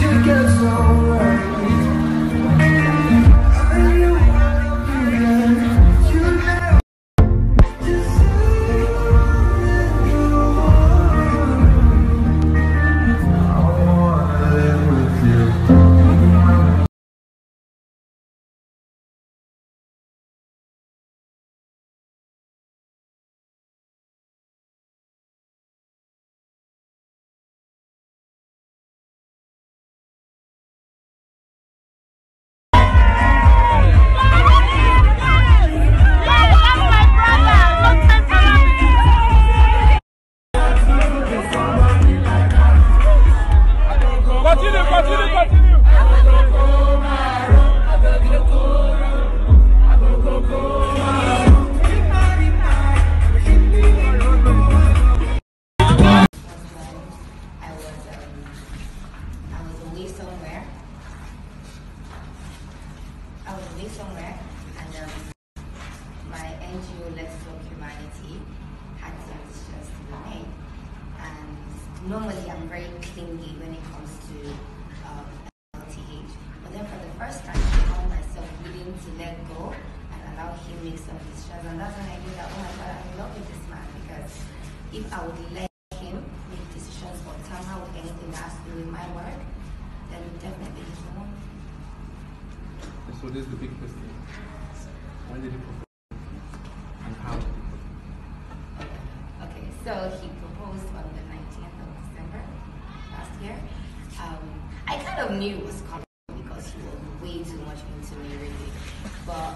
you get so right. somewhere, and um, my NGO Let's Talk Humanity had suggestions to be made. And normally I'm very clingy when it comes to um, LTH, but then for the first time I found myself willing to let go and allow him make some decisions, and that's when I knew that oh my God, I'm in love with this man because if I would let So this is the big question. When did he propose? And how did he propose? Okay, so he proposed on the 19th of December last year. Um, I kind of knew it was coming because he was way too much into me, really. But